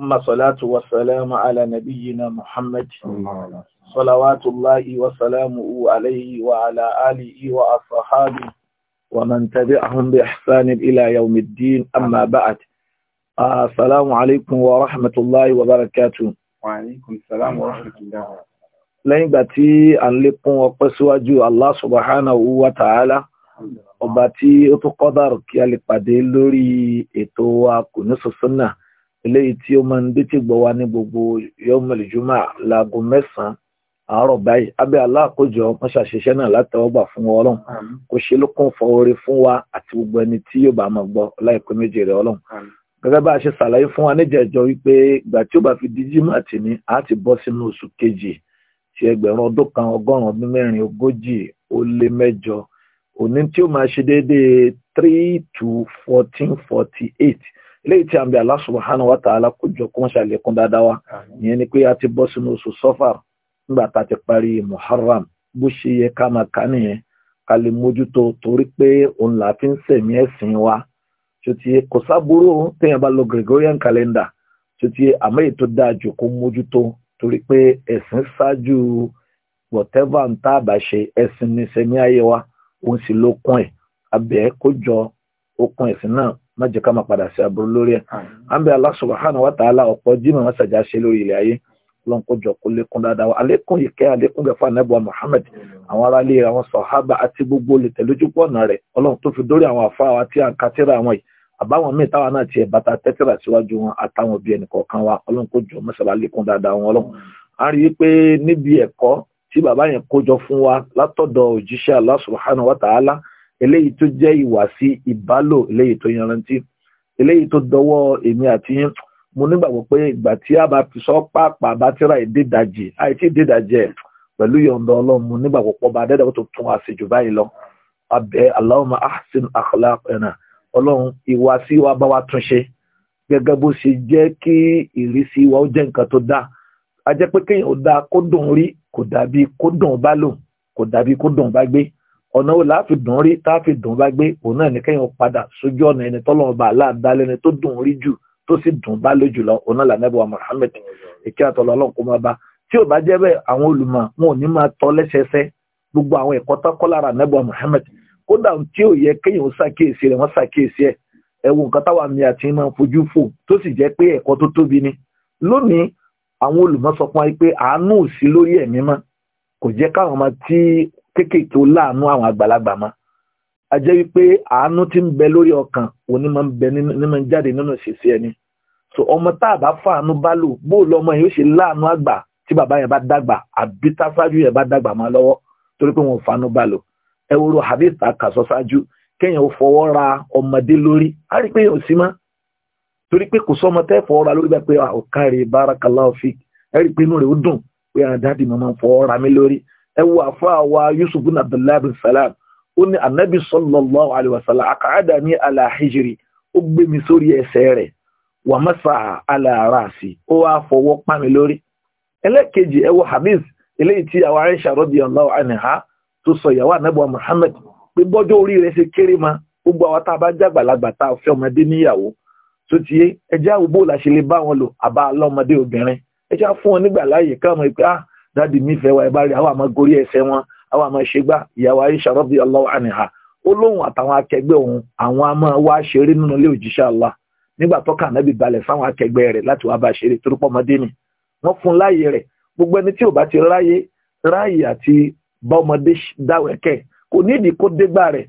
ثم صلاة والسلام على نبينا محمد صلوات الله وسلامه عليه وعلى آله وأصحابه ومن تبعهم بإحسان إلى يوم الدين أما بعد السلام عليكم ورحمة الله وبركاته وعليكم السلام ورحمة الله lẹ́yìn ìgbà tí a ń lékún ọpẹ́ síwájú Allah subhanahu wa ọba tí ó tó kọ́dàrù kí a lè pàdé lórí ètò wa kò eléyìí tí ó máa ń dé tí gbọ́ wá ní gbogbo yọmọlì jùmọ̀ láago mẹ́sàn-án àárọ̀ báyìí abẹ́ aláàkójọ wọ́n ṣàṣeṣẹ́ náà látẹ̀wọ́gbà fún wa ọlọ́run kò ṣe ló kún fọ orí fún wa àti gbogbo ẹni tí yóò bá máa gbọ́ láìpẹ́ méje rẹ̀ ọlọ́run gẹ́gẹ́ bá a ṣe ṣàlàyé fún wa níjẹ̀jọ́ wípé ìgbà tí ó bá fi di jimá tì ní a ti bọ́ sínú oṣù kejì ti ẹgbẹ̀rún ọdún kan ọgọ́rùn-ún ọdún mẹ́rin ogójì ó lé mẹ́jọ òní tí ó máa ṣe déédéé three to fourteen forty eight eléyìí tí a ń bẹ Allah subhanahu wa ta'ala kó jọ kó wọ́n ṣàlékún dáadáa wa ìyẹn ni pé a ti bọ́ sínú oṣù sọ́fàr nígbà tá a ti parí muharram bó ṣe yẹ ká máa kà nìyẹn ká lè mójútó torí pé òun là fi ń sẹ̀mí ẹ̀sìn wa ṣòtí kò sábúrò téèyàn bá lo Gregorian calendar ṣòtí àmọ́ èyí tó dáa jù kó mójútó torí pé ẹ̀sìn ṣáájú whatever ń tá àbá ṣe ẹ̀sìn ní sẹ́mi ayé wa òun sì ló ẹ̀ abẹ́ kó jọ okun ẹ̀sìn náà má jẹ́ ká máa padà sí aburú lórí ẹ̀ à ń bẹ Allah subhanahu wa ta'ala ọ̀pọ̀ jimoh wọn ṣàjà ṣe lórí ilẹ̀ ayé lọ́n kó lékún dáadáa wa àlékún ìkẹ́ àlékún gẹ̀fà nẹ́bùwà Muhammad àwọn ará ilé àwọn sọ̀hábà àti gbogbo olùtẹ̀lójúpọ̀ ọ̀nà rẹ̀ ọlọ́run tó fi dórí àwọn àfa àwọn yìí àbáwọn wa ọlọ́run kó jọ mọ́sálà lékún dáadáa wọn ọlọ́run a rí i pé níbi ẹ̀kọ́ tí bàbá yẹn kójọ fún wa látọ̀dọ̀ Allah subhanahu wa ta'ala eléyìí tó jẹ́ ìwà sí ìbálò eléyìí tó yanrantí eléyìí tó dọwọ́ èmi àti yín mo nígbàgbọ́ pé ìgbà tí a bá fi sọ pàápàá bá tíra ìdídàjì àìtí ìdídàjì ẹ̀ pẹ̀lú yọ̀ǹda ọlọ́run mo nígbàgbọ́ pọ̀ bá dẹ́dàgbọ́ tó tún àṣejù báyìí lọ abẹ́ Allahumma ahsin akhlaqana ọlọ́run ìwà sí wa bá wa tún ṣe gẹ́gẹ́ bó ṣe jẹ́ kí ìrísí wa ó jẹ́ nǹkan tó dáa a jẹ́ pé kéèyàn ó dáa kó dùn rí kò dàbí kó dùn bá lò kò dàbí kó dùn bá gbé ọ̀nà wo láàfi dùn rí táàfi dùn bá gbé òun náà ní kẹ́yìn padà sójú ọ̀nà ẹni tọ́lọ́run bá aláàdá lẹ́ni tó dùn rí jù tó sì dùn bá lójú lọ òun náà lànàbọ̀ Muhammad ìkí àtọ̀lọ́ ọlọ́run kó máa bá tí ò bá jẹ́ bẹ́ẹ̀ àwọn olùmọ̀ wọn ò ní máa tọ́ lẹ́sẹsẹ gbogbo àwọn ẹ̀kọ́ tọ́kọ́ lára ànàbọ̀ Muhammad kódà tí ò yẹ kéèyàn ṣàkíyèsí rẹ̀ wọ́n ṣàkíyèsí ẹ̀ ẹ̀wù nǹkan táwa mi àti máa fojú fò tó sì jẹ́ pé ẹ̀kọ́ tó tóbi ni lónìí àwọn kéékèèké ó láàánú àwọn àgbàlagbà mọ́ a jẹ́ wípé àánú ti ń bẹ lórí ọkàn òní máa ń bẹ ní máa ń jáde nínú ìṣesí ẹni so ọmọ tá a bá fàánú bá lò bó lọmọ yìí ó ṣe láàánú àgbà tí bàbá yẹn bá dàgbà àbí tásájú yẹn bá dàgbà máa lọ́wọ́ torí pé wọn ò fàánú bá lò ẹ wo ro hadith àkàsọ ṣáájú kéèyàn ò fọwọ́ ra ọmọdé lórí á rí pé èèyàn sí mọ́ torí pé kò sọmọ tẹ́ fọwọ́ ra lórí bá pé ọ̀kàrẹ̀ ah, ẹ wo àfáà wa Yusuf bin Abdullahi bin Salam ó ní anabi sallallahu alayhi wa sallam àkàádà ní alahijiri ó gbé mi sórí ẹsẹ̀ rẹ̀ wà mẹsà aláraàsì ó wá fọwọ́ pa mi lórí ẹlẹ́ẹ̀kejì ẹ wo eléyìí tí àwọn Aisha radiyallahu anha tó sọ ìyàwó anabi Muhammad pé bọ́jọ́ orí rẹ̀ ṣe kéré ma gbogbo àwọn tá a bá jàgbàlagbà tá a fẹ́ ọmọdé níyàwó tó ti yé ẹjẹ́ àwòbó la ṣe bá wọn lò àbá lọ́mọdé obìnrin ẹjẹ́ fún wọn nígbà láàyè káàmọ́ ìpè ah dáàdì nífẹ̀ẹ́ wa ẹ bá rí àwọn àmọ́ gorí ẹsẹ̀ wọn àwọn àmọ́ ṣe gbá ìyàwó Aisha radiyallahu anha ó lóun àtàwọn akẹgbẹ́ òun àwọn a máa wá ṣeré nínú ilé òjíṣẹ́ Allah nígbà tọ́ka ànábì balẹ̀ fáwọn akẹgbẹ́ rẹ̀ láti wá bá ṣeré torí pọ́mọdé ni wọ́n fún láàyè rẹ̀ gbogbo ẹni tí ò bá ti ráyè ráyè àti bá ọmọdé dáwẹ́kẹ̀ kò nídìí kó dégbà rẹ̀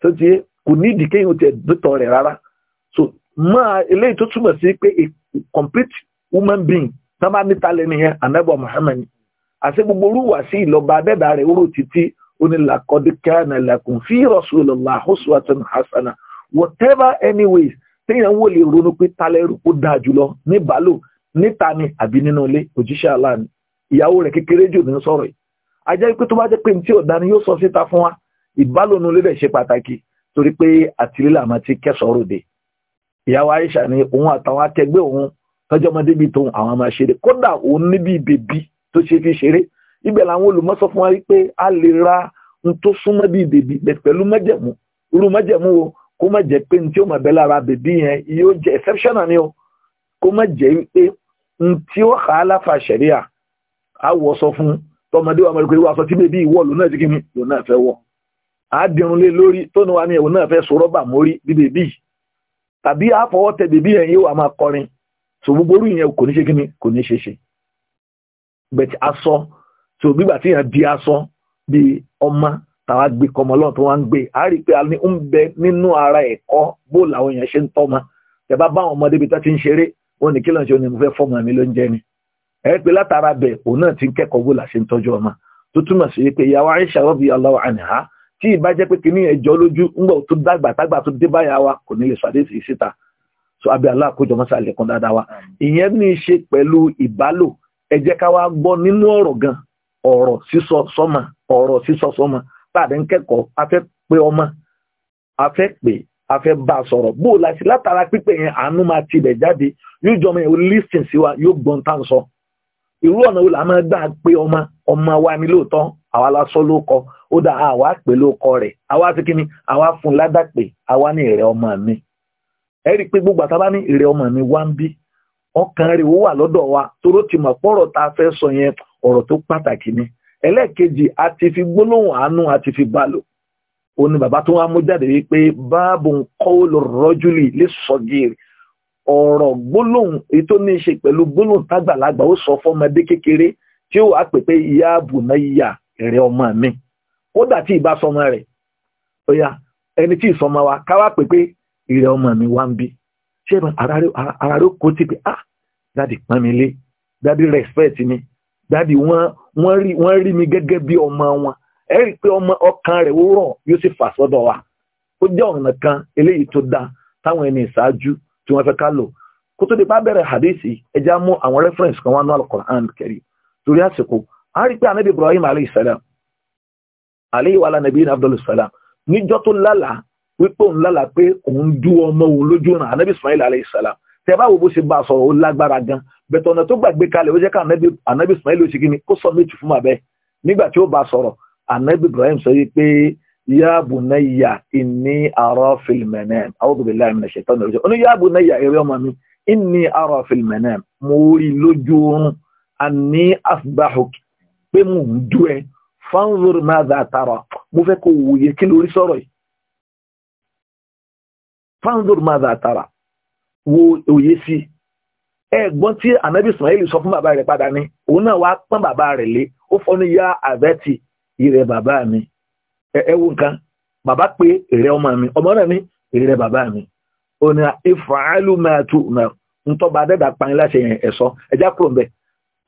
tó ti kò nídìí kéèyàn ti ẹ̀dọ́tọ̀ rẹ̀ rárá so máa eléyìí tó túmọ̀ sí pé a complete woman being tán bá níta lé nìyẹn anábọ̀ Muhammad àti gbogbo orúwà sí ìlọba abẹ́dà rẹ̀ oró títí ó ní laqad kana lakum hasana whatever anyways téèyàn wò lè ronú pé tálẹ́rù ó dáa jùlọ ní bàálù níta ni àbí nínú ilé òjíṣẹ́ Allah ni ìyàwó rẹ̀ kékeré jù ní sọ̀rọ̀ yìí ajẹ́ pé tó bá jẹ́ pé tí ọ̀dà ni yóò sọ síta fún wa ìbálòun olóde ṣe pàtàkì torí pé àtìlélàmọ́ ti kẹsàn-án ròde ìyàwó Aisha ni òun àtàwọn akẹgbẹ́ òun tọ́jọ́ ọmọdé bíi tóun àwọn máa ṣeré kódà òun níbi bèbí tó ṣe fi ṣeré ibẹ̀ làwọn olùmọ́sọ fún wa rí pé a lè ra n tó súnmọ́ bíi bèbí pẹ̀lú mẹ́jẹ̀mú irú mẹ́jẹ̀mú o kó má jẹ́ pé n tí ó mọ̀ bẹ́ẹ̀ lára bèbí yẹn yóò jẹ́ exceptional ni o kó má jẹ́ pé n tí ó kà á láfa ṣẹ̀ríà á wọ sọ fún tọmọdé wa mọ̀ pé wàá sọ tí bèbí ìwọ lòun náà ti kí ni lòun náà fẹ́ wọ̀ á lé lórí tóun wa ni òun náà fẹ́ so rọ́bà mórí bí bèbí tàbí àfọwọ́tẹ bèbí yẹn yóò wà máa kọrin so gbogbo orí yẹn kò ní ṣe kíni kò ní ṣe ṣe bẹ̀tì aṣọ so gbígbà tí yẹn bí aṣọ bí ọmọ tàwa gbé kọmọ lọ́wọ́ tó wá ń gbé a rí i pé a ní ń bẹ nínú ara ẹ̀kọ́ bó làwọn èèyàn ṣe ń tọ́mọ tẹ bá bá ọmọdé bí tó ti ń ṣeré wọn ní kí lóun ṣe ni mo fẹ́ fọ́mọ mi ló ń jẹ ni ẹ pé látara bẹ̀ òun náà ti ń kẹ́kọ̀ọ́ bó là ṣe ń tọ́jú ọmọ tó túmọ̀ sí pé ìyàwó Aisha radiyallahu anha tí ìbá jẹ́ pé kìnìyàn jọ lójú ńgbà tó dàgbà wa kò ní lè so abi aláàkójọ mọ́sá àlékún dáadáa wa ìyẹn ní í ṣe pẹ̀lú ìbálò ẹ jẹ́ ká wá gbọ́ nínú ọ̀rọ̀ gan ọ̀rọ̀ sísọ sọ́mọ ọ̀rọ̀ sísọ sọ́mọ táàdé ń kẹ́kọ̀ọ́ a fẹ́ pé ọmọ a fẹ́ pè a fẹ́ bá a sọ̀rọ̀ bó o la ṣe látara pípé yẹn àánú máa tilẹ̀ jáde yóò jọmọ yẹn o lísìn sí wa yóò gbọ́n tá à ń sọ irú ọ̀nà wo la máa gbà pé ọmọ ọmọ wa ni lóòótọ́ àwa la sọ ló kọ ó dà àwa pè ló kọ rẹ̀ àwa ti kí ni àwa fún ládàpè àwa ní ìrẹ́ ọmọ mi ẹ̀rí pé gbogbo àtàbá ní èrè ọmọ mi wá ń bí ọkàn rẹ̀ ó wà lọ́dọ̀ wa toró ti mọ̀ pọ́rọ̀ tá a fẹ́ sọ yẹn ọ̀rọ̀ tó pàtàkì ni ẹlẹ́ẹ̀kejì a ti fi gbólóhùn àánú a ti fi bá ó ní bàbá tó wá mú jáde wípé báàbò ń kọ́ ó lọ rọ́júlì lè sọ gírì ọ̀rọ̀ gbólóhùn èyí tó ní í ṣe pẹ̀lú gbólóhùn tágbàlagbà ó sọ fọ́mọdé kékeré tí ó wà ọmọ mi kódà tí sọmọ rẹ̀ ó wa ìrẹ ọmọ mi wá ń bí ṣé ara rẹ kó tí pé ah dáàdì pọ́n mi lé dáàdì respect mi dáàdì wọ́n rí mi gẹ́gẹ́ bí ọmọ wọn ẹ rí i pé ọmọ ọkàn rẹ̀ ó rọ̀ yóò sì fà sọ́dọ̀ wa ó jẹ́ ọ̀nà kan eléyìí tó dáa táwọn ẹni ìṣáájú tí wọ́n fẹ́ ká lò kó tó di bá bẹ̀rẹ̀ hadisi ẹja mú àwọn reference kan wá ní al-Qur'an Karim torí àsìkò a rí pé anabi Ibrahim alayhi salam alayhi wa ala Nabi abdul salam níjọ́ tó lálàá wípé òun lálàá pé òun dú ọmọ òun lójú ọ̀nà anabi ismail alayhi salam tẹ bá wo bó ṣe bá a sọ̀rọ̀ ó lágbára gan bẹ̀tọ̀ ọ̀nà tó gbàgbé kalẹ̀ ó jẹ́ ká anabi ismail ó ṣe kí ni kó sọ méjì fún abẹ́ nígbà tí ó bá a sọ̀rọ̀ anabi ibrahim sọ yìí pé ya bunayya inni ara fil manam a'udhu billahi minash shaitani rajim oni ya bunayya ere ọmọ mi inni ara fil mo rí lójú oorun anni asbahuk pé mo ń dú ẹ fanzur madha tara mo fẹ́ kó wòye kí lórí sọ̀rọ̀ yìí fanzur maza tara wo òye sí ẹ̀gbọ́n tí anabi ismail sọ fún bàbá rẹ̀ padà ní òun náà wàá pọ́n bàbá rẹ̀ lé ó fọ́ ní yá àbẹ́tì ìrẹ̀ bàbá mi ẹ wo nǹkan bàbá pé ìrẹ̀ ọmọ mi ọmọ náà ní ìrẹ̀ bàbá mi ó ní ifa'alu ma tu'mar ntọ́ba adẹ́dà pani láṣẹ yẹn ẹ̀sọ́ ẹjá kúrò ń bẹ̀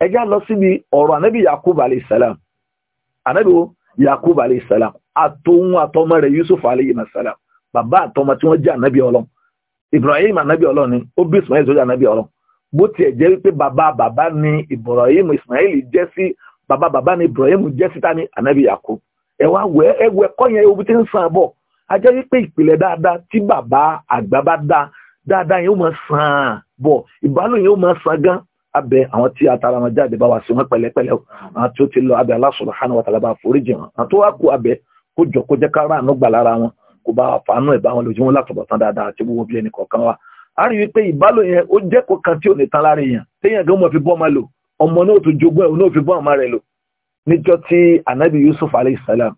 ẹjá lọ síbi ọ̀rọ̀ anabi yakub alayhi anabi yakub alayhi salam àtọmọ rẹ̀ yusuf alayhi bàbá àtọmọ tí wọ́n jẹ́ ànábì ọlọ́run ibrahim ànábì ọlọ́run ni ó bí ismail tó jẹ́ ànábì ọlọ́run bó tiẹ̀ jẹ́ wípé bàbá bàbá ni ibrahim ismail jẹ́ sí bàbá bàbá ni ibrahim jẹ́ sí tani ànábì yakub ẹ wá wẹ ẹ wẹ kọ́ yẹn ewu tí ń san bọ̀ a jẹ́ wípé ìpìlẹ̀ dáadáa tí bàbá àgbà bá dá dáadáa yẹn ó máa san bọ̀ ìbálò yẹn ó máa san gan abẹ àwọn tí atara wọn jáde bá wa sí wọn pẹ̀lẹ́pẹ̀lẹ́ àwọn tí ó ti lọ abẹ Allah subhanahu wa ta'ala bá foríjì wọn àwọn tó wá kú abẹ kó jọ kó jẹ ká gbà lára wọn kó bá àfàánú ẹ̀ bá wọn lójú wọn látọ̀bọ̀tán dáadáa àti gbogbo bí ẹnì kọ̀ọ̀kan wa a rí wípé ìbálò yẹn ó jẹ́ kó kan tí ò ní tán lára èèyàn téèyàn gan mọ̀ fi bọ́ ọmọ lò ọmọ náà tó jogún ẹ̀ òun náà fi bọ́ ọmọ rẹ̀ lò níjọ́ tí anabi Yusuf alayhi salam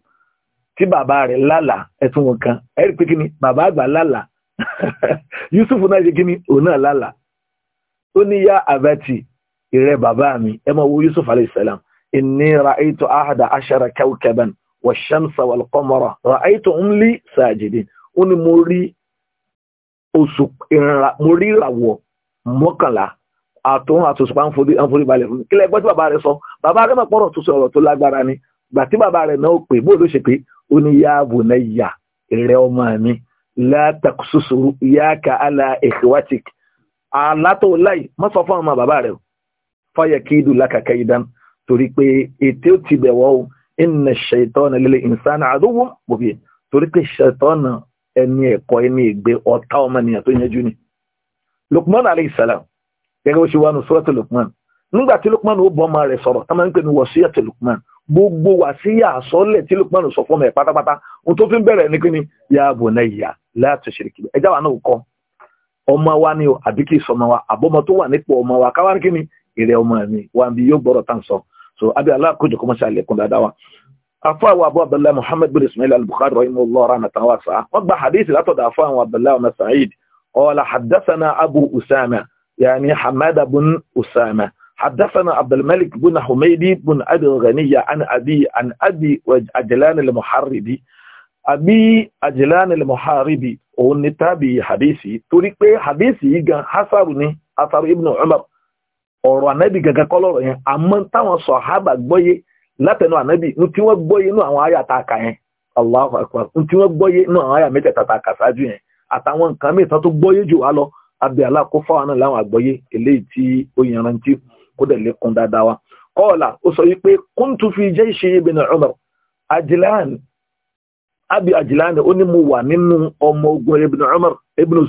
tí bàbá rẹ̀ lálàá ẹ̀tún wọn kan ẹ̀ rí pé kí ni bàbá àgbà lálàá Yusuf náà ṣe kí ni òun náà lálàá ó ní yá abati ìrẹ́ bàbá mi ẹ máa wo Yusuf alayhi salam inni ra'aytu ahada ashara kawkaban والشمس والقمر رأيتهم لي ساجدين ó ní mo rí oṣù ìrìnra mo rí ìràwọ̀ mọ́kànlá àtòun àtòṣùpá ń forí balẹ̀ fún mi kílẹ̀ gbọ́ tí bàbá rẹ̀ sọ bàbá rẹ̀ mọ̀ pọ̀rọ̀ tó sọ ọ̀rọ̀ tó lágbára ni gbà tí bàbá rẹ̀ náà pè bó ló ṣe pé ó ní yá ààbò náà yà ìrẹ́ ọmọ mi látàkùsùsù yá ka àlà ikhwatik àlátò láì má sọ fún ọmọ bàbá rẹ̀ fọyẹ kí ìdù lákàkẹ́ ìdán torí pé ètè ó ti bẹ̀ wọ́ inna ṣaitọ́nà lílé ìsánà àdúgbò bòbí torí pé ṣaitọ́nà ẹni ẹ̀kọ́ ẹni ìgbé ọ̀tá ọmọnìyàn tó yẹjú ni. lukman alayhi salam gẹ́gẹ́ bó ṣe wà ní sọ́ọ̀tì lukman nígbà tí lukman ó bọ́ ọmọ rẹ̀ sọ̀rọ̀ tá máa ń pè ní wọ̀síyàtì lukman gbogbo wàsíyà àsọ́lẹ̀ tí lukman sọ fún ẹ̀ pátápátá ohun tó fi ń bẹ̀rẹ̀ ní kíni ya bunayya la tushrik bi ẹjá wa náà kọ́ ọmọ wa ni àbíkí ìsọmọ wa àbọ́mọ tó wà nípò ọmọ wa káwá kíni ìrẹ́ ọmọ mi wa bí yóò gbọ́rọ̀ tá sọ so abi aláàkójọ kọmọsí àlékún dáadáa wa afọ àwọn abu abdullahi muhammad bin ismail al-bukhari rahimahullah rahmatan wasi'a wọn gba hadith látọ̀dọ̀ afọ àwọn abdullahi ọmọ sa'id ọlá haddathana abu usama yani hamada bin usama حدثنا عبد الملك بن حميد بن أبي الغنية عن أبي عن أبي أجلان المحاربي أبي أجلان المحاربي òun ni tábì hadisi torí pé hadisi yìí ọ̀rọ̀ ànábì gẹ́gẹ́ kọ́lọ́rọ̀ yẹn àmọ́ táwọn sàhábà gbọ́yé látẹnu ànábì ní tí wọ́n gbọ́yé nú àwọn àyà tá a kà yẹn Allahu akbar ní tí wọ́n gbọ́yé nú àwọn àyà mẹ́tẹ̀ẹ̀ta tá a kà sáájú yẹn àtàwọn nǹkan mìíràn tán tó gbọ́yé jù wá lọ abẹ́ aláàkófà wa náà láwọn àgbọ́yé eléyìí tí ó yanrantí kuntu fi abi ó ní mo wà nínú ọmọ ogun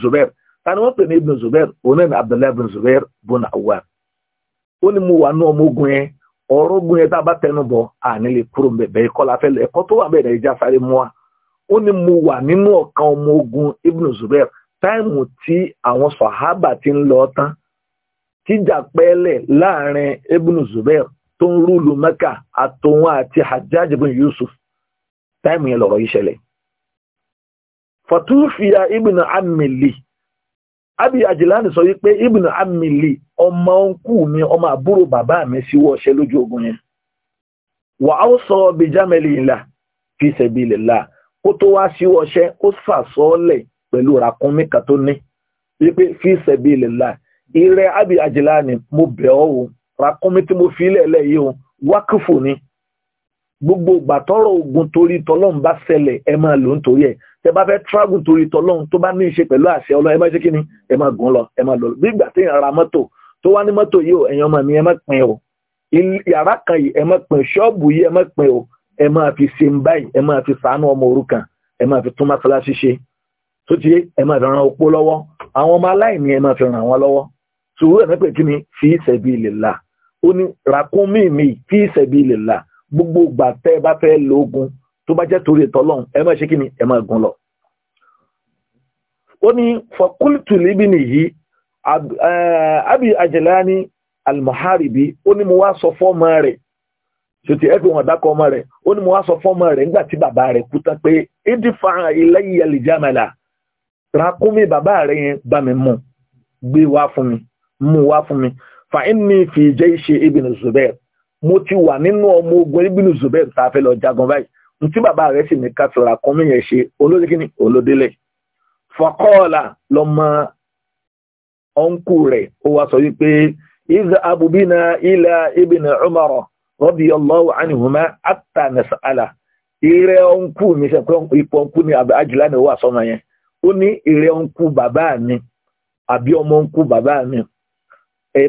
Zubair tani pè ní Zubair òun ó ní mo wà ní ọmọ ogun yẹn ọ̀rọ̀ ogun yẹn tá a àní lè kúrò bẹ̀bẹ̀ ẹ̀kọ́ nínú ọ̀kan ọmọ ogun Zubair táìmù àwọn ti ń lọ tán tíjà pẹ́ẹ́lẹ̀ láàrin Ibn Zubair tó ń rúlu Mẹ́kà àtòun àti Hajjaj Yusuf táìmù yẹn lọ̀rọ̀ yìí ibn amili abi ajilani sọ wípé ibn amili ọmọ òǹkù mi ọmọ àbúrò bàbá mi síwọ́ ọṣẹ lójú ogun yẹn wà á sọ bijameli ńlá fi sabilillah kó tó wá síwọ́ ọṣẹ ó sàsọ́ọ́lẹ̀ pẹ̀lú ràkúnmí kan tó ní wípé fi sabilillah ìrẹ abi ajilani mo bẹ̀ ọ́ o ràkúnmí tí mo fi lẹ̀ lẹ̀ o wákìfù ni gbogbo ìgbà tọrọ ogun torí tọlọ́run bá ṣẹlẹ̀ ẹ máa lò ń torí ẹ̀ tẹ bá fẹ́ travel torí tọlọ́run tó bá ní í ṣe pẹ̀lú àṣẹ ọlọ́run ẹ máa ṣe kíni ẹ máa gùn lọ ẹ máa lọ bí ìgbà téèyàn ra mọ́tò tó wá ní mọ́tò yìí o ẹ̀yin ọmọ mi ẹ má pin o yàrá kan yìí ẹ má pin ṣọ́ọ̀bù yìí ẹ má pin o ẹ máa fi ṣe ń báyìí ẹ máa fi ṣàánú ọmọ òrukàn ẹ máa fi tún mọ́ṣáláṣí ṣe tó ti ẹ máa fi ran opó lọ́wọ́ mi fi sabilillah gbogbo ìgbà tẹ́ ẹ bá fẹ́ lo ogun tó bá jẹ́ torí ìtọ́lọ́run ẹ ṣe kí ni ẹ má gun lọ. ó ní fọkúlìtù líbi nìyí abi ajelani almuharibi ó ní mo wá sọ fọ́ọ̀mù rẹ̀ sòtì ẹ̀fẹ̀ wọn dákọ̀ ọmọ rẹ̀ ó ní mo wá sọ fọ́ọ̀mù rẹ̀ nígbà tí bàbá rẹ̀ kú tán pé ìdífà ilẹ̀ yìí alìjámẹ́lá rakúmi bàbá rẹ̀ yẹn bá mi mú gbé wá fún mi mú wá fún mi fa inni fi jayshi ibn Zubair mo ti wà nínú ọmọ ogun ibinu zubair tá a fẹ́ lọ jagun báyìí ntí bàbá rẹ̀ sì ní kàtìrà kọ́mí yẹn ṣe olódìkíní olódélẹ̀ fọkọ́ọ̀là lọ́mọ ọ̀nkù rẹ̀ ó wá sọ wípé iza abubina ila ibn umar radiyallahu anhuma atta nas'ala ìrẹ́ ọ̀nkù mi sẹ́ pé ipò ọ̀nkù ni àjùlá ni ó wà sọ́mọ yẹn ó ní ìrẹ́ ọ̀nkù bàbá mi àbí ọmọ ọ̀nkù bàbá mi ẹ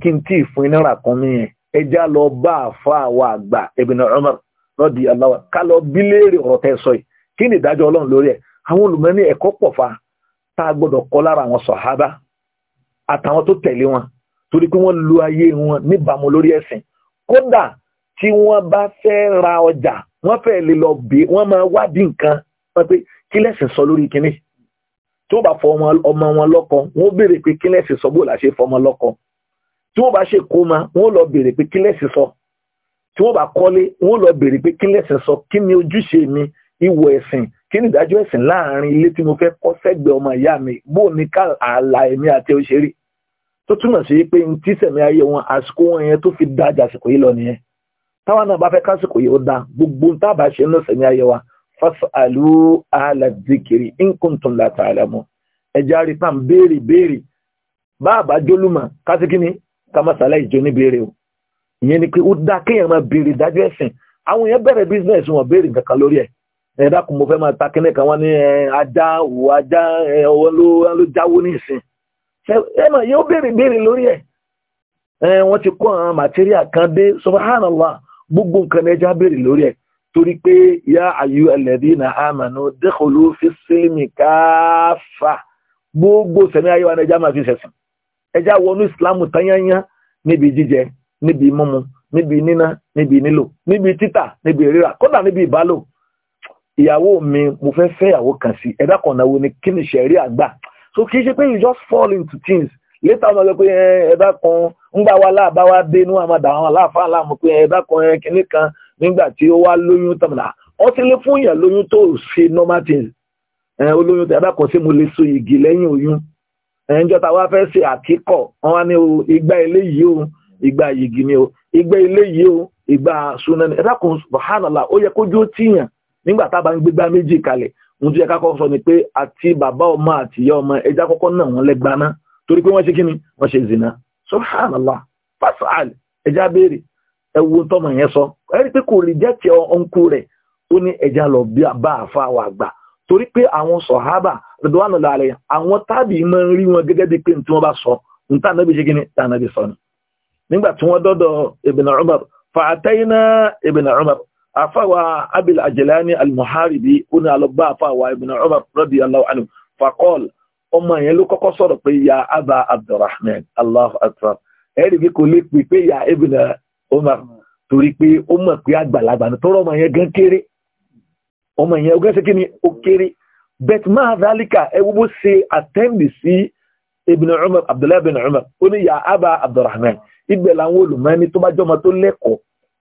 kí n tí ì fún iná rà kọ́mí yẹn ẹjá lọ bá àfa àwọn àgbà Ibn Umar lọ́dí aláwa ká lọ bí léèrè ọ̀rọ̀ tẹ́ sọ yìí kí ni ìdájọ́ ọlọ́run lórí ẹ̀ àwọn olùmọ́ni ẹ̀kọ́ pọ̀ fa tá a gbọ́dọ̀ kọ́ lára àwọn sọ̀hábà àtàwọn tó tẹ̀lé wọn torí pé wọ́n lu ayé wọn níbàámu lórí ẹ̀sìn kódà tí wọ́n bá fẹ́ ra ọjà wọ́n fẹ́ lè lọ bè wọ́n máa wádìí nǹkan wọ́n pé kí lẹ́sìn sọ lórí kinní tó bá fọ ọmọ wọn lọ́kọ wọ́n béèrè pé kí lẹ́sìn sọ bó làṣẹ fọmọ lọ́kọ tí wọ́n bá ṣe kó ma wọ́n lọ bèèrè pé kí lẹ́sìn sọ tí wọ́n bá kọ́lé wọ́n lọ bèèrè pé kí lẹ́sìn sọ kí ni ojúṣe mi ìwọ̀ ẹ̀sìn kí ni ìdájọ́ ẹ̀sìn láàrin ilé tí mo fẹ́ kọ́ sẹ́gbẹ̀ẹ́ ọmọ ìyá mi bó ní ká ààlà ẹ̀mí àti òṣèré tó túmọ̀ sí pé n tí sẹ̀mí ayé wọn àsìkò wọn yẹn tó fi da àjàsìkò yìí lọ nìyẹn táwọn náà bá fẹ́ kásìkò yìí ó da gbogbo ń tábà ṣe náà sẹ̀mí ayé wa fasalu ala zikiri in kuntum la ta'lamu ẹ̀já rí pàm béèrè béèrè bá àbájólùmọ̀ kásìkí ká má ṣàlàyé jẹ́ oníbèrè o ìyẹn ni pé ó dá kéèyàn máa béèrè ìdájọ́ ẹ̀sìn àwọn èèyàn bẹ̀rẹ̀ bísíǹnẹ̀sì wọn béèrè nǹkan kan lórí ẹ̀ ẹ dákun mo fẹ́ máa ta kíní kan wọ́n ní ajá òwò ajá ọwọ́ ló jáwó ní ìsìn ẹ mà yóò béèrè béèrè lórí ẹ̀ wọ́n ti kó àwọn màtíríà kan dé subhanallah gbogbo nǹkan ẹja béèrè lórí ẹ̀ torí pé yá ayu alladina amanu dakhulu fi silmi káfà gbogbo sẹ̀mí ayé wa ẹja máa fi sẹ̀sìn ẹja wọnú ìsìlámù tányányá níbi jíjẹ níbi mímu níbi níná níbi nílò níbi títà níbi rírà kódà níbi ìbálò ìyàwó mi mo fẹ́ fẹ́ ìyàwó kan sí ẹ̀dá kan náà wo ni kí ni ṣẹ̀rí àgbà so kì í ṣe pé you just fall into things later on ọ̀gbẹ́ pé ẹ̀dá kan ń bá wa láàbá wa dé inú àmàdà àwọn aláàfáà láàmú pé ẹ̀dá kan kìíní kan nígbà tí ó wá lóyún tàbílà ó ti lé fún ìyàn lóyún tó ṣe normal things olóyún tàbí àkọsí mo lè so igi lẹ́yìn oyún ẹ̀ńjọ́ ta wá fẹ́ ṣe àkíkọ̀ wọ́n wá ní igba eléyìí o igba yìgì ni o igba eléyìí o igba sunan ni ẹ̀dákun subhanallah ó yẹ kójú ó tìyàn nígbà tá a bá ń gbégbá méjì kalẹ̀ ohun tó yẹ ká kọ́kọ́ sọ ni pé àti bàbá ọmọ àti ìyá ọmọ ẹja kọ́kọ́ náà wọ́n lẹ́gba ná torí pé wọ́n ṣe kíni wọ́n ṣe zina subhanallah fasal ẹja béèrè ẹwu tọmọ yẹn sọ ẹ rí i pé kò reject ọ̀nkú rẹ̀ ó ní ẹja lọ bá àfa àwọn àgbà torí pé àwọn sọ̀hábà rẹ̀dọ́wánà láàrẹ̀ àwọn tábì mọ́ rí wọn gẹ́gẹ́ bí pé tí wọ́n bá sọ ní tànàbí ṣe gíní tànàbí sọ ni nígbà tí wọ́n dọ́dọ̀ ibn Umar fa'atayna ibn Umar afáwa abil ajilani al-muharibi ó ní alọ́gbà afáwa ibn Umar radiyallahu anhu faqal ọmọ yẹn ló kọ́kọ́ sọ̀rọ̀ pé ya aba abdurrahman allahu akbar ẹ̀rí bí kò lè pè pé ya ibn Umar torí pé ó mọ̀ pé àgbàlagbà ni tọ́rọ ọmọ yẹn gan kéré ọmọ ìyẹn ogún ẹsẹ̀ kí ni ó kéré bet máa dálíkà ẹ wúwo ṣe àtẹ́ǹdì sí ibn Umar Abdullahi ibn Umar ó ní ya aba Abdurrahman ibẹ̀ làwọn olùmọ́ni tó bá jọmọ tó lẹ́kọ̀ọ́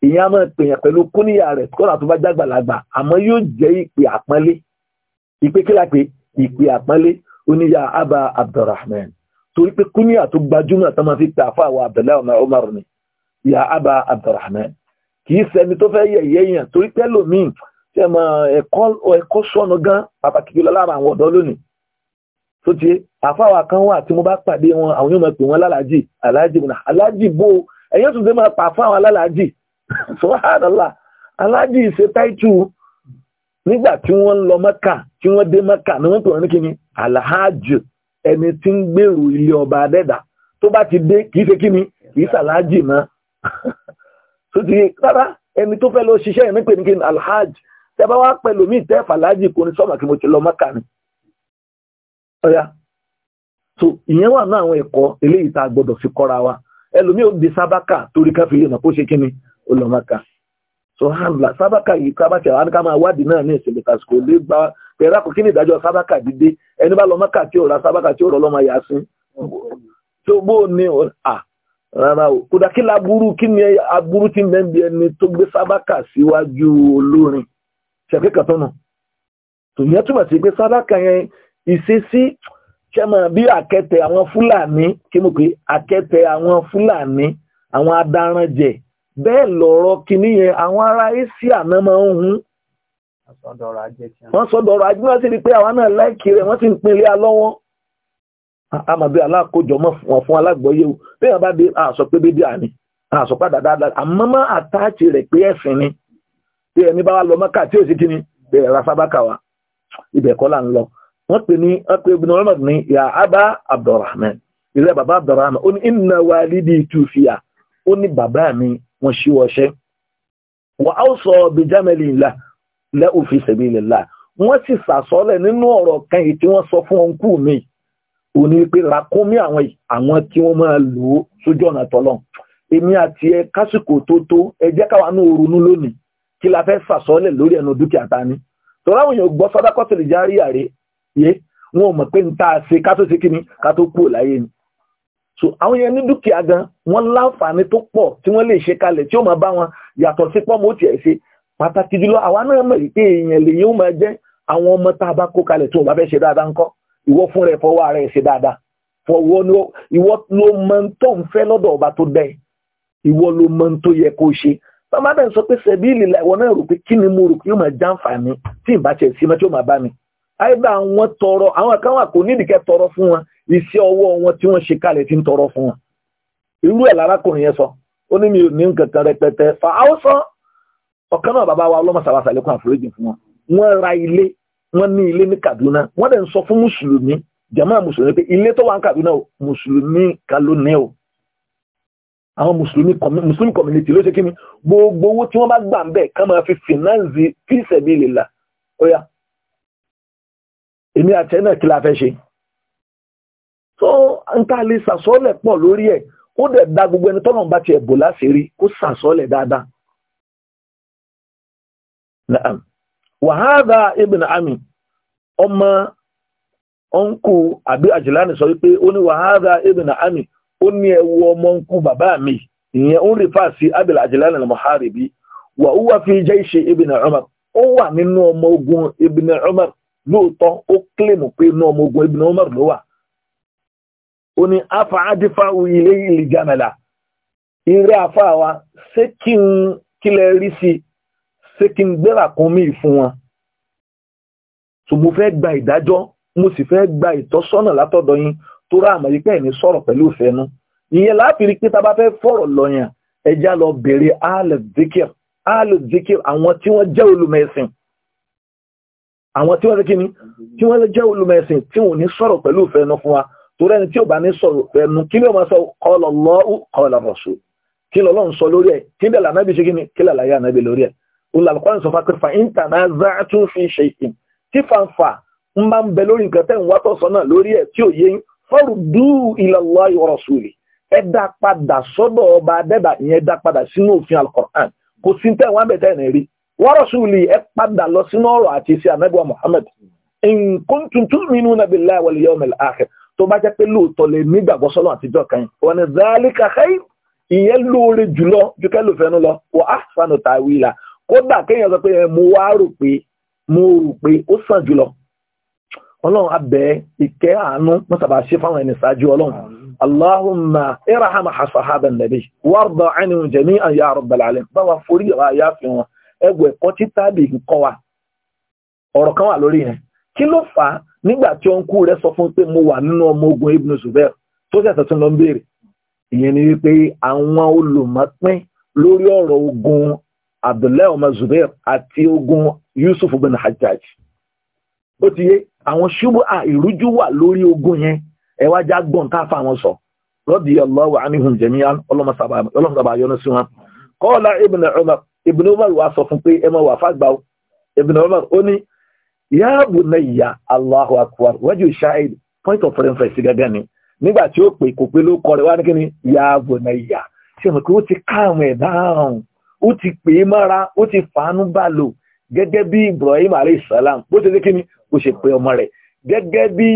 ìyẹn a máa pèyàn pẹ̀lú kúníyà rẹ̀ kọ́nà tó bá jágbàlagbà àmọ́ yóò jẹ́ ìpè àpọ́nlé ìpè kílà pé ìpè àpọ́nlé ó ní ya aba Abdurrahman torí pé kúníyà tó gbajúmọ̀ tó máa fi pè àfọ àwọn Abdullahi ibn Umar ni ya aba Abdurrahman kì í ṣẹni tó fẹ́ yẹ̀yẹ́ yẹn torí pẹ́lòmíì tí ẹ mọ ẹ̀kọ́ sọnù gan pàtàkì jùlọ lára àwọn ọ̀dọ́ lónìí tó ti àfáwà kan wà tí mo bá pàdé wọn àwọn yóò máa pè wọn lálàájì aláàjì bùnà aláàjì bò ẹ̀yẹ́ tún ti máa pa fáwọn alálàájì sọ́hánàlá aláàjì ṣe táìtù nígbà tí wọ́n lọ mọ́kà tí wọ́n dé mọ́kà ni wọ́n pè wọ́n ní kíni aláàjì ẹni tí ń gbèrò ilé ọba adẹ́dà tó bá ti dé kìí ṣe kíni kìí ṣàlájì mọ́ tó ti rárá ẹni tó fẹ́ lọ ṣiṣẹ́ yẹn pè ní kíni aláàjì tẹ bá wá pẹ̀lú mi tẹ́ fàlájì kò ní sọ́mà kí mo ti lọ mọ́kà ni. ọ̀yà so ìyẹn wà náà àwọn ẹ̀kọ́ eléyìí tá a gbọ́dọ̀ fi kọ́ra wa ẹlòmíì ó di sábàkà torí ká fi lè kó ṣe kí ni ó so hàmlà sábàkà yìí ká bá tẹ̀ wá ní ká máa wádìí náà ní ìṣẹ̀lẹ̀ kásìkò lè gba pẹ̀lú àkókò kí ni ìdájọ́ sábàkà dídé ẹni bá lọ mọ́kà tí ò ra sábàkà tí ò rọ lọ́mọ yà sí. tó bó ni à rárá o kódà kí laburú kí ni aburú ti mẹ́bi ẹni tó gbé sábàkà síwájú olórin ṣẹ̀kẹ́kà tọ́nà tò yẹn túmọ̀ sí pé sàdákà yẹn ìṣesí ṣẹ́mọ̀ bí àkẹ́tẹ̀ àwọn fúlàní kí mo pé àkẹ́tẹ̀ àwọn fúlàní àwọn adaranjẹ bẹ́ẹ̀ lọ̀rọ̀ kìíní yẹn àwọn ará Asia náà máa ń hun wọ́n sọ́dọ̀ ọ̀rọ̀ ajé wọ́n sì rí pé àwọn náà láìkí rẹ̀ wọ́n sì ń pinlẹ̀ alọ́wọ́ àmàbí alákòjọ mọ́ wọn fún alágbọ̀ọ́yé o bí bá dé àṣọ pé bébí àní àṣọ padà dáadáa àmọ́ máa àtàchì rẹ̀ pé ẹ̀sìn ni pé ẹni bá wà lọ mọ́kà tí ò sí kíni pé ẹ̀rọ sábàkà wa ibẹ̀ kọ́ là ń lọ wọ́n pè ní wọ́n pè ní ìyá abba abdulrahman ìrẹ́ bàbá abdulrahman ó ní inna walidi tufiya ó ní bàbá mi wọ́n ṣí wọṣẹ́ wà á sọ bìjámẹ́lì ńlá lẹ́ù fi sabilillah wọ́n sì sàsọ́lẹ̀ nínú ọ̀rọ̀ kan yìí tí wọ́n sọ fún ọ̀nkú mi ò ní pé làkúnmí àwọn tí wọ́n máa lò ó sójú ọ̀nà tọ́lọ̀ èmi àti ẹ kásìkò tó tó ẹ jẹ́ káwa náà ronú lónìí kí la fẹ́ fàsọ́lẹ̀ lórí ẹnu dúkìá ta ni tọ́lá àwọn èèyàn gbọ́ sọ́dákọ́tò lè járí àrè yé wọn ò mọ̀ pé nta ṣe ká tó ṣe kí ni ká tó kú láyé ni so àwọn èèyàn ní dúkìá gan wọn láǹfààní tó pọ̀ tí wọ́n lè ṣe kalẹ̀ tí ó máa bá wọn yàtọ̀ sí pọ́nmọ́ ó tiẹ̀ ṣe pàtàkì jùlọ àwa náà mọ̀ pé èèyàn lè yóò máa jẹ́ àwọn ọmọ tá a bá kó kalẹ̀ tó o bá fẹ́ ṣe dáadáa ńkọ́ ìwọ fún rẹ fọwọ́ ara ẹ̀ ṣe dáadáa fọwọ́ ìwọ ló mọ tó ń fẹ́ lọ́dọ̀ ọba tó dẹ́ ìwọ ló mọ tó yẹ kó ṣe bàbá dẹ̀ sọ pé sẹ̀bí ìlìlà ìwọ náà rò pé kí ni mo rò pé yóò máa já àǹfààní tí ìbá tiẹ̀ sí mọ́ tí ó máa bá mi. àìdá àwọn tọrọ àwọn kan wà kò nídìí kẹ́ tọrọ fún wọn iṣẹ́ ọwọ́ wọn tí wọ́n ṣe kalẹ̀ ti ń tọrọ fún wọn. irú ẹ̀ lárákùnrin yẹn sọ ó ní mi ò ní nǹkan kan rẹpẹtẹ fa haúsọ ọ̀kan náà bàbá wa ọlọ́mọsàwàsà lẹ́kùn àforíjì fún wọn. wọ́n ra ilé wọ́n ní ilé ní Kaduna wọ́n dẹ̀ ń sọ àwọn mùsùlùmí mùsùlùmí community ló ṣe kí ni gbogbo owó tí wọ́n bá gbà ń bẹ̀ ká máa fi finance fi sabilillah ó yá èmi àtẹ kí la fẹ́ ṣe tó ń ká lè sàsọ́lẹ̀ pọ̀ lórí ẹ̀ ó dẹ̀ da gbogbo ẹni tọ́nà bá bò láṣìírí kó sàsọ́lẹ̀ dáadáa. ibn ami ọmọ ọ̀nkù àbí sọ wípé ó ní ibn ó ní ẹwu ọmọ ń kú bàbá mi ìyẹn ó ń rí fáàsì abil ajilan al-muharibi wà ó wà fi jayshi ibn umar ó wà nínú ọmọ ogun ibn umar lóòótọ́ ó kílèmù pé inú ọmọ ogun ibn umar ló wà ó ní afa adífáwù ilé ìlì jamala ìrẹ́ afá wa ṣé kí n kílẹ̀ rí sí ṣé kí n gbéra kan mí fún wọn tó fẹ́ gba ìdájọ́ mo sì fẹ́ gba ìtọ́sọ́nà látọ̀dọ̀ yín tó rà àmọ́ yìí pé ẹ̀mí sọ̀rọ̀ pẹ̀lú ìfẹ́ nu ìyẹn láti rí pé tá a bá fẹ́ fọ̀rọ̀ lọ yẹn ẹja lọ bèrè áàlù zikir áàlù zikir àwọn tí wọ́n jẹ́ olùmẹ̀sìn àwọn tí wọ́n ṣe kíni tí wọ́n jẹ́ olùmẹ̀sìn tí wọ́n ní sọ̀rọ̀ pẹ̀lú ìfẹ́ nu fún wa torí ẹni tí ò bá ní sọ̀rọ̀ pẹ̀lú kí ló máa sọ qala Allahu qala Rasul kí lọ́lọ́run sọ lórí ẹ̀ kí bẹ̀rẹ̀ ànábì ṣe kíni kí lọ́lá yá ànábì lórí ẹ̀ olùlàkọ́ni sọ fún akẹ́fà intanaza'tum fi shay'in tí fanfa ń bá ń bẹ lórí nǹkan tẹ́ ń wá tọ̀sán lórí ẹ̀ tí ò yé fọ́rùdú ilallahi wa rasuli ẹ dá padà sọ́dọ̀ ọba adẹ́dà ìyẹn dá padà sínú òfin alukoran kò sí tẹ́ wọn bẹ̀ tẹ́ẹ̀ rí wa rasuli ẹ padà lọ sínú ọ̀rọ̀ àti iṣẹ́ anábíwá Muhammad in kuntum tu'minuna billahi wal yawmil akhir tó bá jẹ́ pé lóòótọ́ lè nígbàgbọ́ sọ́lọ́ àtijọ́ kan wọn ni zalika khair ìyẹn lóore jùlọ ju kẹ́lò fẹ́nu lọ wọ́n á sànù tàwí la kódà kéèyàn sọ pé mo wá rò pé mo rò pé ó sàn jùlọ ọlọ́run abẹ́ ìkẹ́ àánú mọ́sàbà ṣe fáwọn ẹni ṣáájú ọlọ́run allahumma irham asahaba nabi warda anhum jami'an ya rabbal alamin bá wa forí ọ̀rọ̀ àyà fi wọn ẹgbẹ́ ẹ̀kọ́ tí tábì ń kọ́ wa ọ̀rọ̀ kan wà lórí yẹn kí ló fà á nígbà tí ó ń kú rẹ sọ fún ogun abdullahi ọmọ zubair àti ogun yusuf bin hajjaj ó ti yé àwọn ṣubú à ìrújú wà lórí ogun yẹn ẹ wá já gbọ̀n tá a fa àwọn sọ radiyallahu anhum jami'an wọn. ibn umar ibn umar wá sọ fún pé ẹ mọ wà fàgbà o ibn ó ya bunayya allahu akbar wájú shahid point of reference gẹ́gẹ́ ni nígbà tí ó pè kò pé ló ya bunayya ṣe mọ̀ ti down ó ti pè é mọ́ra ó ti fàánú bá lò gẹ́gẹ́ bí ibrahim alayhi salam bó ṣe dé kíni bó ṣe pé ọmọ rẹ̀ gẹ́gẹ́ bí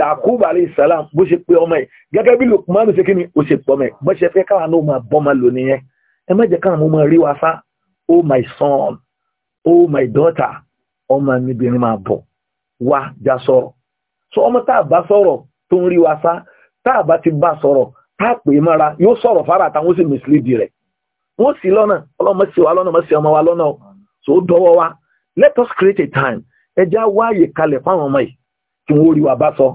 yakub alayhi bó ṣe pé ọmọ ẹ̀ gẹ́gẹ́ bí lukman ṣe kíni ó ṣe pọ̀ mẹ́ bó ṣe fẹ́ káwọn náà máa bọ́ máa lò nìyẹn ẹ má káwọn máa rí wa sá oh my son oh my daughter ọmọ níbìrin máa bọ̀ wá já sọ̀rọ̀ so ọmọ tá a bá sọ̀rọ̀ tó ń rí wa sá tá a bá ti bá sọ̀rọ̀ tá a pè é mọ́ra yóò sọ̀rọ̀ fara táwọn sì mislead rẹ̀ wọ́n sì lọ́nà ọlọ́mọ sì wá lọ́nà mọ́ sí ọmọ wa lọ́nà so ó dọwọ́ wa let us create a time ẹjá wáyè kalẹ̀ fáwọn ọmọ yìí kí wọ́n rí wa bá sọ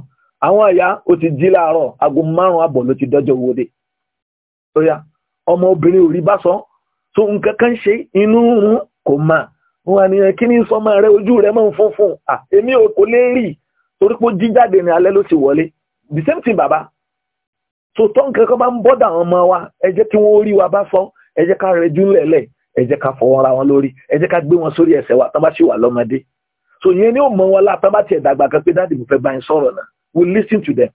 àwọn àyà ó ti jí láàárọ̀ aago márùn-ún àbọ̀ ló ti dọ́jọ́ owó dé tó yá ọmọ obìnrin ò rí bá sọ tó nǹkan kan ṣe inú rún kò mà wọn wà nìyẹn kí ni sọmọ rẹ ojú rẹ máa ń à èmi ò kò lè rí torí pé ó ní alẹ́ ló ti wọlé the same thing bàbá tó tọ́ nǹkan kan bá ń bọ́dà àwọn ọmọ wa ẹ jẹ́ kí wọ́n rí wa bá sọ ẹ jẹ́ ká rẹjú ńlẹ̀ẹ́lẹ̀ ẹ ká fọwọ́ra wọn lórí ẹ ká gbé wọn sórí ẹsẹ̀ wa tán bá ṣì wà lọ́mọdé so yẹn ni ó mọ wọn láàpẹ́ bá tiẹ̀ dàgbà kan pé dáàdì mo fẹ́ bá yín sọ̀rọ̀ náà we listen to them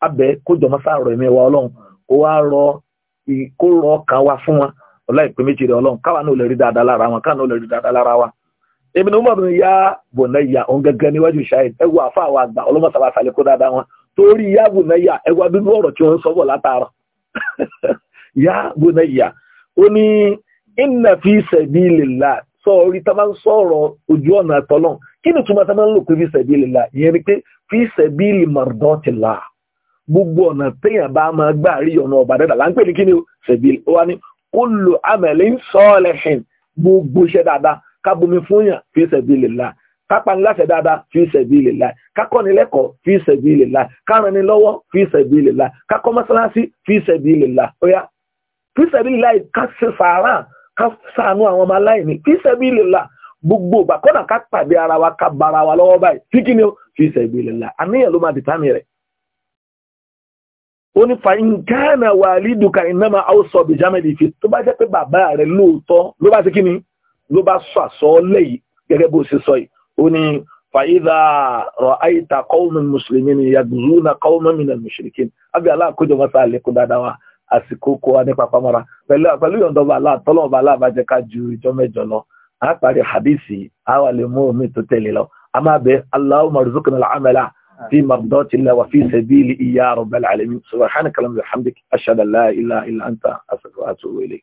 abẹ kójọ mọ́sá rọ̀ ẹ̀mí wa ọlọ́run kó wá rọ kó rọ ọkàn wa fún wọn ọlá ìpè méjì rẹ ọlọ́run káwa náà lè rí dáadáa lára wọn káwa náà lè rí dáadáa lára wa èmi ni ó mọ̀ mi yá bùnà ìyá òun gẹ́gẹ́ níwájú ṣáìd ẹ wo àfa àwọn àgbà ọlọ́mọta bá sàlẹ̀ kó dáadáa wọn torí yá bùnà ìyá ẹ wo abínú ọ̀rọ̀ tí wọ́n ń sọ́bọ̀ látàárọ̀ yá bùnà ìyá ó ní ìnàfíìsẹ̀ bíi lè la sọ orí tá a bá ń sọ̀rọ̀ ojú ọ̀nà àtọ́lọ́n kí ni túmọ̀ sábà ń lò pé fi sẹ̀bílì la ìyẹn ni pé fi sẹ̀bílì mọ̀rọ̀dọ́tì là gbogbo ọ̀nà téèyàn bá máa gbà rí ọ̀nà ọ̀bà dẹ́dà là ń pè ní kí ni o sẹ̀bílì ó wá ní ó lo amẹ̀lẹ́ ń sọ́ọ̀lẹ̀hìn gbogbo iṣẹ́ dáadáa ká bomi fún yàn fi sẹ̀bílì là kápánilásẹ̀ dáadáa fi sẹ̀bílì là kákọ́nilẹ́kọ̀ọ́ fi sẹ̀bílì là kárànilọ́wọ́ fi sẹ̀bílì là kákọ́ mọ́sálásí fi sẹ̀bílì là ó fi sẹ̀bílì là ká ṣe sàárà ká ṣàánú àwọn ọmọ aláìní fi sẹ̀bílì là gbogbo ìgbà kọ́nà ká pàdé ara wa ká bara wa lọ́wọ́ báyìí tí kí ni ó fi sabilillah àníyàn ló máa dìtàmì rẹ̀ ó ní fa nǹkan wàlídùkà ìnáma àwòsàn bìjámẹ́lì fi tó bá jẹ́ pé bàbá rẹ̀ lóòótọ́ ló bá ti kí ni ló bá sọ àsọọ́lẹ̀ yìí gẹ́gẹ́ bó ṣe sọ yìí ó ní fàyídà rọ àyíta kọ́ọ̀mù mùsùlùmí ni yàgùzù na kọ́ọ̀mù mi na mùsùlùmí àbí aláàkójọ wọn sá àlékún dáadáa wa àsìkò kó wa nípa pamọ́ra pẹ̀lú yọ̀ǹdọ́ba aláàtọ́lọ́ọ̀ba aláàbàjẹ́ ju ìjọ mẹ́jọ lọ a parí hadisi a wà lè mú omi tó tẹ̀lé lọ a máa bẹ Allahumma rzuqna al-amala fi mardatillah wa fi sabilihi ya rabbal alamin subhanaka allahumma wa ilaha illa anta astaghfiruka wa atubu